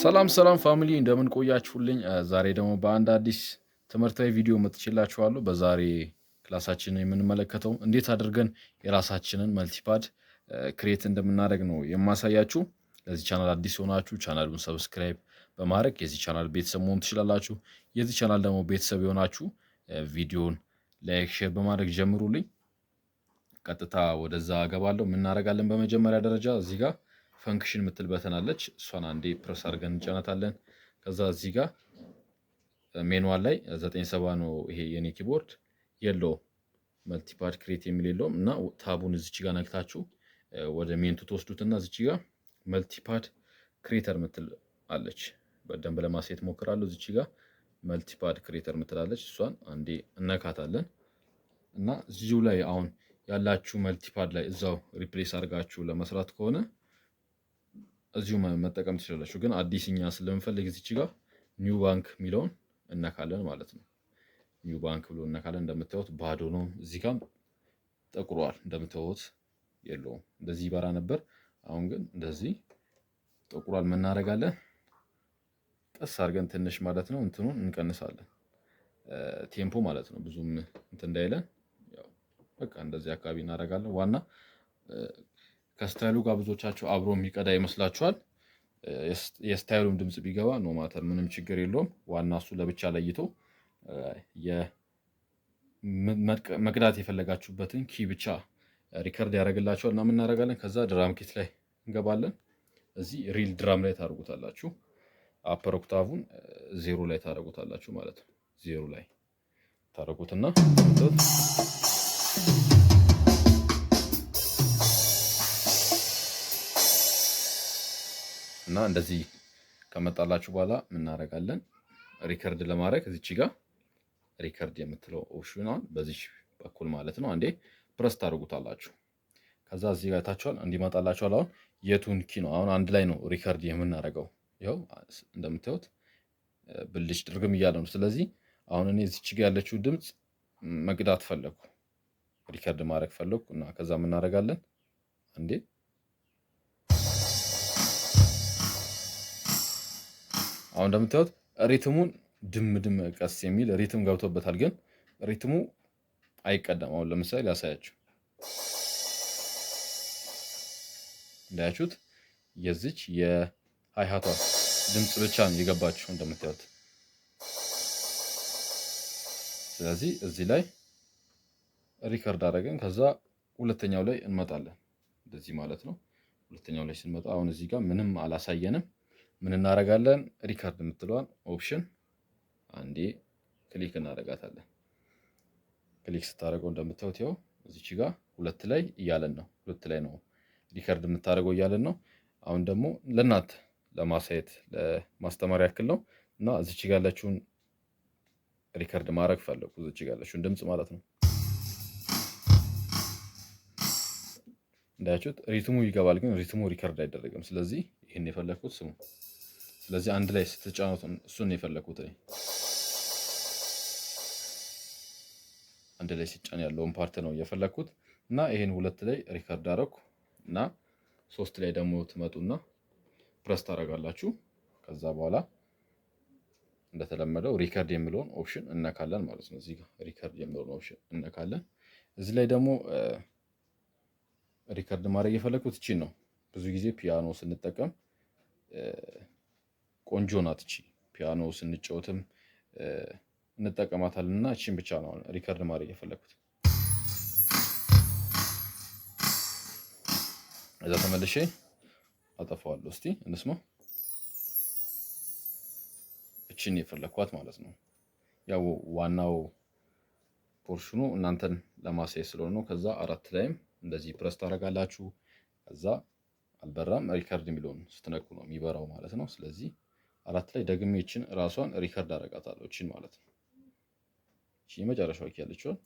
ሰላም ሰላም ፋሚሊ እንደምን ቆያችሁልኝ? ዛሬ ደግሞ በአንድ አዲስ ትምህርታዊ ቪዲዮ መጥቼላችኋለሁ። በዛሬ ክላሳችንን የምንመለከተው እንዴት አድርገን የራሳችንን መልቲፓድ ክሬት እንደምናደርግ ነው የማሳያችሁ። ለዚህ ቻናል አዲስ የሆናችሁ ቻናሉን ሰብስክራይብ በማድረግ የዚህ ቻናል ቤተሰብ መሆን ትችላላችሁ። የዚህ ቻናል ደግሞ ቤተሰብ የሆናችሁ ቪዲዮን ላይክ፣ ሼር በማድረግ ጀምሩልኝ። ቀጥታ ወደዛ እገባለሁ። የምናደርጋለን በመጀመሪያ ደረጃ እዚህ ጋር ፈንክሽን የምትል በተን አለች። እሷን አንዴ ፕረስ አድርገን እንጫናታለን። ከዛ እዚህ ጋር ሜኗል ላይ ዘጠኝ ሰባ ነው ይሄ የኔ ኪቦርድ የለውም መልቲፓድ ክሬት የሚል የለውም እና ታቡን እዚች ጋር ነግታችሁ ወደ ሜንቱ ትወስዱትና እዚች ጋር መልቲፓድ ክሬተር ምትል አለች። በደንብ ለማሳየት ሞክራለሁ። እዚች ጋር መልቲፓድ ክሬተር ምትላለች። እሷን አንዴ እነካታለን እና እዚሁ ላይ አሁን ያላችሁ መልቲፓድ ላይ እዛው ሪፕሌስ አድርጋችሁ ለመስራት ከሆነ እዚሁ መጠቀም ትችላላችሁ። ግን አዲስኛ ስለምፈልግ እዚች ጋር ኒው ባንክ የሚለውን እነካለን ማለት ነው። ኒው ባንክ ብሎ እነካለን። እንደምታዩት ባዶ ነው። እዚህ ጋም ጠቁሯል። እንደምታዩት የለውም። እንደዚህ ይበራ ነበር። አሁን ግን እንደዚህ ጠቁሯል። ምናደርጋለን? ቀስ አድርገን ትንሽ ማለት ነው እንትኑን እንቀንሳለን። ቴምፖ ማለት ነው ብዙም እንትን እንዳይለን በቃ እንደዚህ አካባቢ እናደርጋለን። ዋና ከስታይሉ ጋር ብዙዎቻቸው አብሮ የሚቀዳ ይመስላችኋል። የስታይሉም ድምፅ ቢገባ ኖ ማተር ምንም ችግር የለውም። ዋና እሱ ለብቻ ለይቶ መቅዳት የፈለጋችሁበትን ኪ ብቻ ሪከርድ ያደርግላችኋል እና የምናደርጋለን። ከዛ ድራም ኪት ላይ እንገባለን። እዚህ ሪል ድራም ላይ ታደርጉታላችሁ። አፐር ኦክታቡን ዜሮ ላይ ታደርጉታላችሁ ማለት ነው። ዜሮ ላይ ታደርጉትና እና እንደዚህ ከመጣላችሁ በኋላ ምናደርጋለን ሪከርድ ለማድረግ እዚች ጋር ሪከርድ የምትለው ኦፕሽኗን በዚች በኩል ማለት ነው አንዴ ፕረስ ታደርጉታላችሁ። ከዛ እዚህ ጋር ታችኋል እንዲመጣላችኋል። አሁን የቱን ኪ ነው አሁን አንድ ላይ ነው ሪከርድ የምናደርገው። ይኸው እንደምታዩት ብልጭ ድርግም እያለ ነው። ስለዚህ አሁን እኔ እዚች ጋር ያለችው ድምፅ መግዳት ፈለግኩ ሪከርድ ማድረግ ፈለግኩ እና ከዛ የምናደርጋለን አንዴ አሁን እንደምታዩት ሪትሙን ድም ድም ቀስ የሚል ሪትም ገብቶበታል፣ ግን ሪትሙ አይቀዳም። አሁን ለምሳሌ ያሳያችሁ እንዳያችሁት የዚች የሃይሃቷ ድምፅ ብቻ ነው የገባችሁ እንደምታዩት። ስለዚህ እዚህ ላይ ሪከርድ አረገን ከዛ ሁለተኛው ላይ እንመጣለን። እንደዚህ ማለት ነው። ሁለተኛው ላይ ስንመጣ አሁን እዚህ ጋር ምንም አላሳየንም። ምን እናደርጋለን? ሪከርድ የምትለዋን ኦፕሽን አንዴ ክሊክ እናደርጋታለን። ክሊክ ስታደርገው እንደምታዩት ይኸው እዚች ጋ ሁለት ላይ እያለን ነው፣ ሁለት ላይ ነው ሪከርድ የምታደርገው እያለን ነው። አሁን ደግሞ ለእናት ለማሳየት ለማስተማር ያክል ነው እና እዚች ጋር ያለችውን ሪከርድ ማድረግ ፈለጉ፣ እዚች ጋር ያለችውን ድምፅ ማለት ነው። እንዳያችሁት ሪትሙ ይገባል፣ ግን ሪትሙ ሪከርድ አይደረግም። ስለዚህ ይህን የፈለግኩት ስሙ። ስለዚህ አንድ ላይ ስትጫኑት እሱን የፈለግኩት እኔ አንድ ላይ ሲጫን ያለውን ፓርት ነው እየፈለግኩት እና ይህን ሁለት ላይ ሪከርድ አረኩ እና ሶስት ላይ ደግሞ ትመጡና ፕረስ ታደርጋላችሁ። ከዛ በኋላ እንደተለመደው ሪከርድ የሚለውን ኦፕሽን እነካለን ማለት ነው። እዚህ ጋር ሪከርድ የሚለውን ኦፕሽን እነካለን። እዚህ ላይ ደግሞ ሪከርድ ማድረግ የፈለግኩት እቺን ነው። ብዙ ጊዜ ፒያኖ ስንጠቀም ቆንጆ ናት። እቺ ፒያኖ ስንጫወትም እንጠቀማታለን እና እቺን ብቻ ነው ሪከርድ ማድረግ የፈለግኩት። እዛ ተመልሼ አጠፋዋለሁ። እስቲ እንስማ። እችን የፈለግኳት ማለት ነው። ያው ዋናው ፖርሽኑ እናንተን ለማሳየት ስለሆነ ነው። ከዛ አራት ላይም እንደዚህ ፕረስ ታደርጋላችሁ። ከዛ አልበራም። ሪከርድ የሚለውን ስትነኩ ነው የሚበራው ማለት ነው። ስለዚህ አራት ላይ ደግሜ ይችን ራሷን ሪከርድ አረጋታለሁ። ይችን ማለት ነው። ይቺ የመጨረሻው ኪ ያለችውን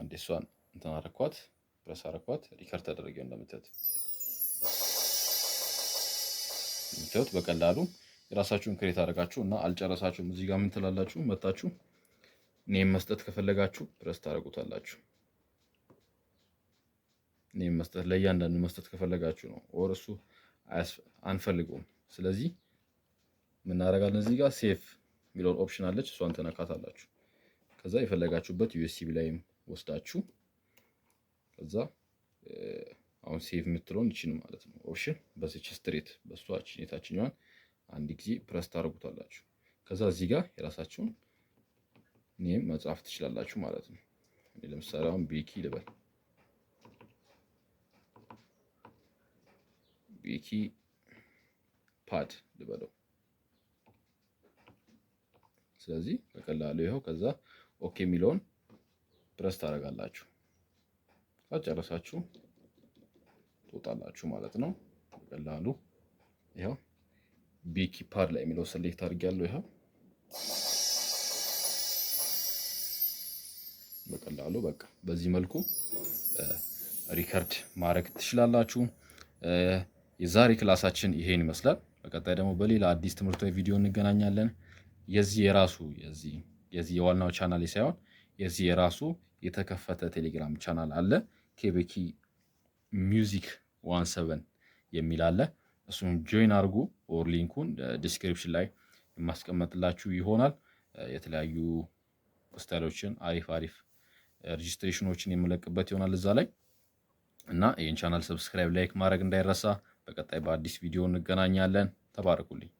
አንዴ እሷን እንትን አረኳት፣ ፕረስ አረኳት፣ ሪከርድ ተደረገ። እንደምትት ምትት በቀላሉ የራሳችሁን ክሬት አደረጋችሁ እና አልጨረሳችሁም፣ እዚህ ጋር ምን ትላላችሁ? መታችሁ እኔም መስጠት ከፈለጋችሁ ፕረስ ታደረጉታላችሁ። መስጠት ለእያንዳንዱ መስጠት ከፈለጋችሁ ነው። ወር እሱ አንፈልገውም። ስለዚህ ምናደርጋለን እዚህ ጋር ሴፍ የሚለውን ኦፕሽን አለች፣ እሷን ተነካታላችሁ። ከዛ የፈለጋችሁበት ዩኤስቢ ላይም ወስዳችሁ ከዛ አሁን ሴቭ የምትለውን ይችን ማለት ነው ኦፕሽን በስች ስትሬት በእሷ የታችኛዋን አንድ ጊዜ ፕረስ ታደርጉታላችሁ። ከዛ እዚህ ጋር የራሳችሁን ኔም መጻፍ ትችላላችሁ ማለት ነው። ለምሳሌ አሁን ቤኪ ልበል። ዊኪ ፓድ ልበለው። ስለዚህ በቀላሉ ይኸው ከዛ ኦኬ የሚለውን ፕረስ ታደርጋላችሁ። ጨረሳችሁ ትወጣላችሁ ማለት ነው። በቀላሉ ይኸው ቢኪ ፓድ ላይ የሚለው ሰሌክት አድርጊያለሁ። ይኸው በቀላሉ በቃ በዚህ መልኩ ሪከርድ ማድረግ ትችላላችሁ። የዛሬ ክላሳችን ይሄን ይመስላል። በቀጣይ ደግሞ በሌላ አዲስ ትምህርታዊ ቪዲዮ እንገናኛለን። የዚህ የራሱ የዚህ የዚህ የዋናው ቻናል ሳይሆን የዚህ የራሱ የተከፈተ ቴሌግራም ቻናል አለ። ኬቤኪ ሚውዚክ ዋን ሰቨን የሚል አለ። እሱን ጆይን አድርጉ። ኦር ሊንኩን ዲስክሪፕሽን ላይ የማስቀመጥላችሁ ይሆናል። የተለያዩ ስታይሎችን አሪፍ አሪፍ ሬጅስትሬሽኖችን የምለቅበት ይሆናል እዛ ላይ እና ይህን ቻናል ሰብስክራይብ፣ ላይክ ማድረግ እንዳይረሳ። በቀጣይ በአዲስ ቪዲዮ እንገናኛለን። ተባረኩልኝ።